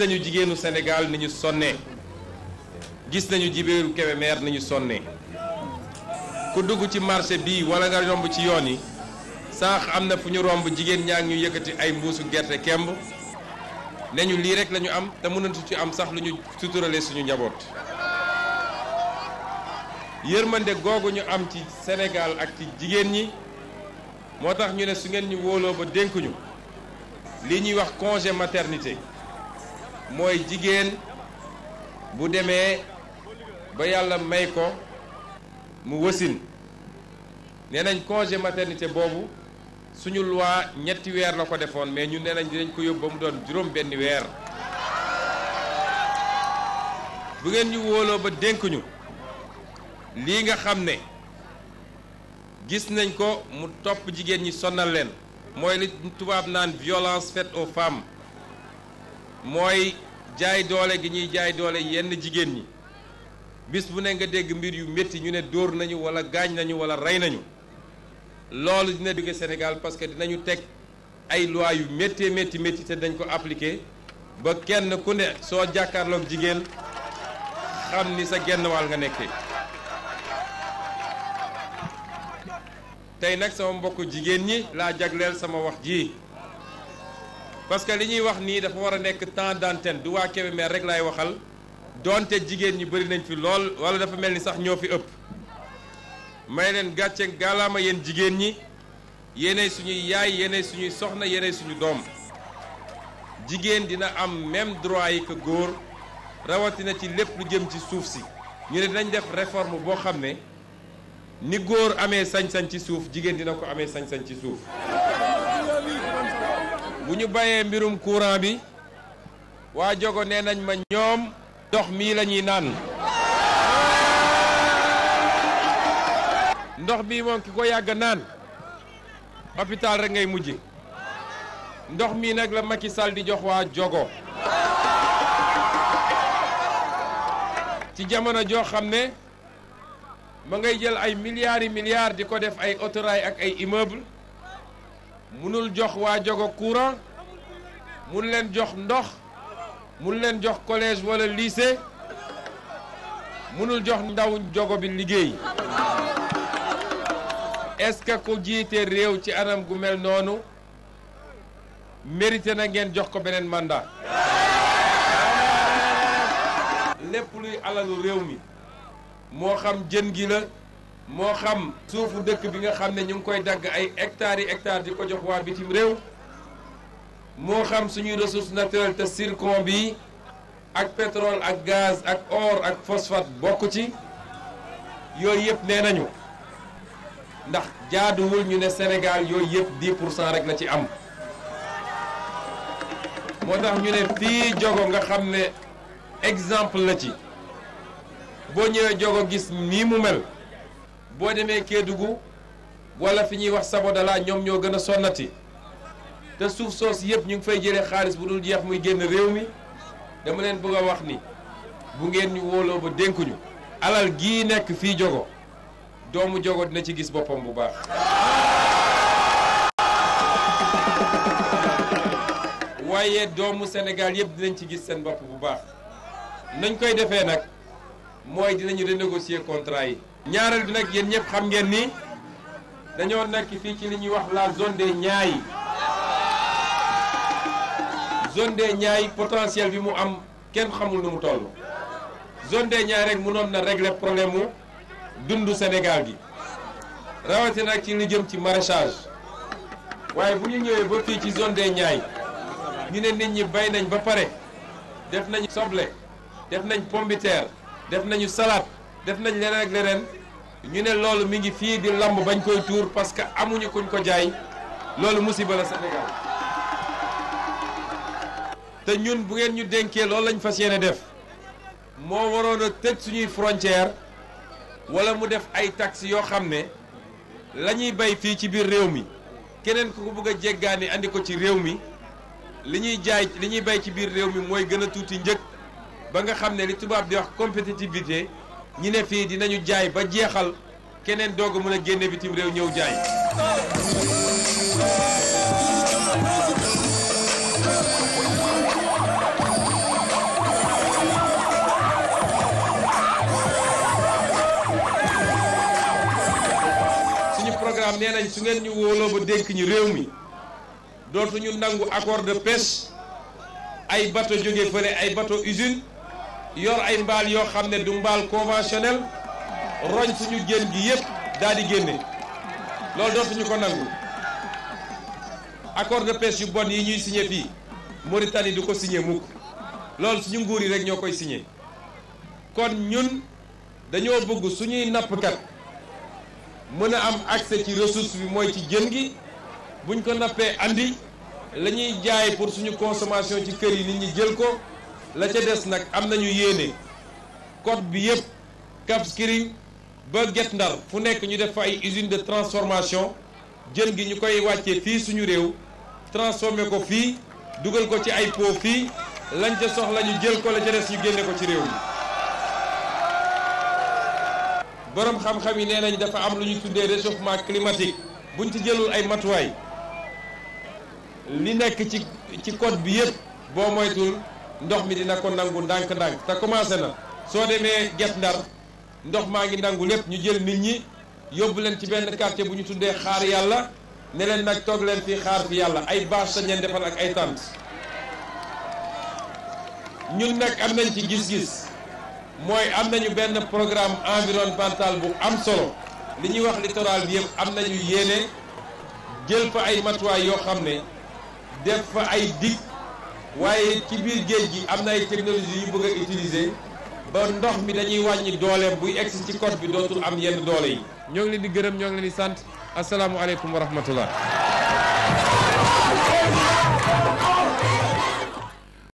nañu jigéenu Sénégal ni ñu sonnee gis nañu jibéeru Kébémer ni ñu sonnee ku dugg ci marché bi wala nga romb ci yoon yi saax am na fu ñu romb jigéen ñaa ngi ñu yëkkati ay mbuusu gerte kemb ne ñu lii rek lañu am te mënatu ci am sax lu ñu suturale suñu njaboot yërmande googu ñu am ci Sénégal ak ci jigéen ñi moo tax ñu ne su ngeen ñu wóoloo ba dénkuñu li ñuy wax congé maternité mooy jigéen bu demee ba yàlla may ko mu wasin nee nañ congé maternité boobu suñu waa ñetti weer la ko defoon mais ñun nee nañ dinañ ko yóbbu ba mu doon juróom benn weer bu ngeen ñu wóoloo ba dénk lii nga xam ne gis nañ ko mu topp jigéen ñi sonal leen mooy li tubaab naan violence faite aux femmes mooy jaay doole gi ñuy jaay doole yenn jigéen ñi bis bu nekk nga dégg mbir yu métti ñu ne dóor nañu wala gaañ nañu wala rey nañu loolu dina jóge Sénégal parce que dinañu teg ay loi yu métti métti métti te dañ ko appliqué ba kenn ku ne soo jàkkaarloog jigéen xam ni sa genn wàll nga nekkee tey nag sama mbokk jigéen ñi laa jagleel sama wax jii parce que li ñuy wax nii dafa war a nekk temps d'antenne du waa Kébémer rek laay waxal donte jigéen ñi bëri nañ fi lool wala dafa mel ni sax ñoo fi ëpp may leen gàcce gaalaama yéen jigéen ñi yéenay suñuy yaay yéenay suñuy soxna yéenay suñu doom jigéen dina am même droit yi góor rawatina ci lépp lu jëm ci suuf si ñu ne dinañ def réforme boo xam ne ni góor amee sañsañ sañ ci suuf jigéen dina ko amee sañ-sañ ci suuf bu ñu bàyyee mbirum courant bi waa jogo nee nañ ma ñoom ndox mii lañuy naan ndox bi moom ki ko yàgg naan hôpital rek ngay mujj ndox mii nag la Macky Sall di jox waa jogo ci jamono joo xam ne ma ngay jël ay milliards yi milliards di ko def ay autorail ak ay immeuble mënul jox waa jogo courant mun leen jox ndox mun leen jox collège wala lycée mënul jox ndaw Diogo bi liggéey est-ce que ku jiite réew ci anam gu mel noonu mérité na ngeen jox ko beneen mandat lépp luy alalu réew mi moo xam jën gi la moo xam suufu dëkk bi nga xam ne ñu ngi koy dagg ay hectares yi hectares di ko jox waa bitim réew moo xam suñuy ressource naturelle te zircon bi ak petrol ak gaz ak or ak phosphate bokk ci yooyu yëpp nee nañu ndax jaaduwul ñu ne senegal yooyu yëpp 10 pour cent rek la ci am moo tax ñu ne fii jogo nga xam ne exemple na ci boo ñëwee jogo gis nii mu mel boo demee Kédougou walla fi ñuy wax Sabodala ñoom ñoo gën a sonnati te suuf soos yëpp ñu ngi fay jëlee xaalis bu dul jeex muy génn réew mi dama leen bëgg wax ni bu ngeen ñu wóoloo ba dénkuñu alal gi nekk fii jogo doomu jogo dina ci gis boppam bu baax waaye doomu senegal yëpp dinañ ci gis seen bopp bu baax nañ koy defee nag mooy dinañu renégocier contrat yi ñaareel bi nag yéen ñëpp xam ngeen ni dañoo nekk fii ci li ñuy wax laa zone des Niayes zone des Niayes potentiel bi mu am kenn xamul nu mu toll zone des Niayes rek mënoon na régler problème mu dundu senegal gi rawatina nag ci li jëm ci maraîchage waaye bu ñu ñëwee ba fii ci zone des Niayes ñu ne nit ñi bay nañ ba pare def nañ soble def nañ pomme def nañu salaat def nañ leneen ak leneen ñu ne loolu mi ngi fii di làmb bañ koy tuur parce que amuñu kuñ ko jaay loolu musiba la senegal te ñun bu ngeen ñu denkee loolu lañ fas yéene def moo waroon a tëj suñuy frontière wala mu def ay taxes yoo xam ne lañuy bay fii ci biir réew mi keneen ku ko bëgg a jéggaani indi ko ci réew mi li ñuy jaay li ñuy bay ci biir réew mi mooy gën a tuuti njëg ba nga xam ne li tubaab di wax compétitivité ñi ne fii dinañu jaay ba jeexal keneen doog a mën a génne bitim réew ñëw jaay suñu programme nee nañ su ngeen ñu wóoloo ba dénk ñu réew mi dootuñu nangu accord de ay bateau jóge fële ay bateau usine yor ay mbaal yoo xam ne du mbaal conventionnel roñ suñu génn gi yëpp daal di génne loolu dootuñu ko nangu accord de pêche yu bon yi ñuy signé fii Mauritanie du ko signé mukk loolu suñu nguur yi rek ñoo koy siñe kon ñun dañoo bëgg suñuy nappkat mën a am accès ci ressource bi mooy ci jën gi buñ ko nappee andi lañuy ñuy jaay pour suñu consommation ci kër yi nit ñi jël ko la ca des nag am nañu yéene côte bi yëpp Cap Skirring ba Guet Ndar fu nekk ñu def ay usine de transformation jën gi ñu koy wàccee fii suñu réew transformé ko fii dugal ko ci ay pot fii lañ ca soxla ñu jël ko la ca des ñu génne ko ci réew mi boroom xam-xam yi nee nañ dafa am lu ñu tuddee réchauffement climatique buñ ci jëlul ay matuwaay li nekk ci ci côte bi yëpp boo moytul ndox mi dina ko nangu ndànk-ndànk te commencé na soo demee Guet Ndar ndox maa ngi nangu lépp ñu jël nit ñi yóbbu leen ci benn quartier bu ñu tuddee xaar yàlla ne leen nag toog leen fii xaar fi yàlla ay bâche sañ leen defal ak ay tànt ñun nag am nañ ci gis-gis mooy am nañu benn programme environnemental bu am solo li ñuy wax littoral bi yëpp am nañu yéene jël fa ay matuwaay yoo xam ne def fa ay dig waaye ci biir géej gi am na ay technologie yu bëgg a utiliser ba ndox mi dañuy wàññi dooleem buy egsi ci côte bi dootul am yenn doole yi ñoo ngi leen di gërëm ñoo ngi leen di sant asalaamualeykum wa rahmatullah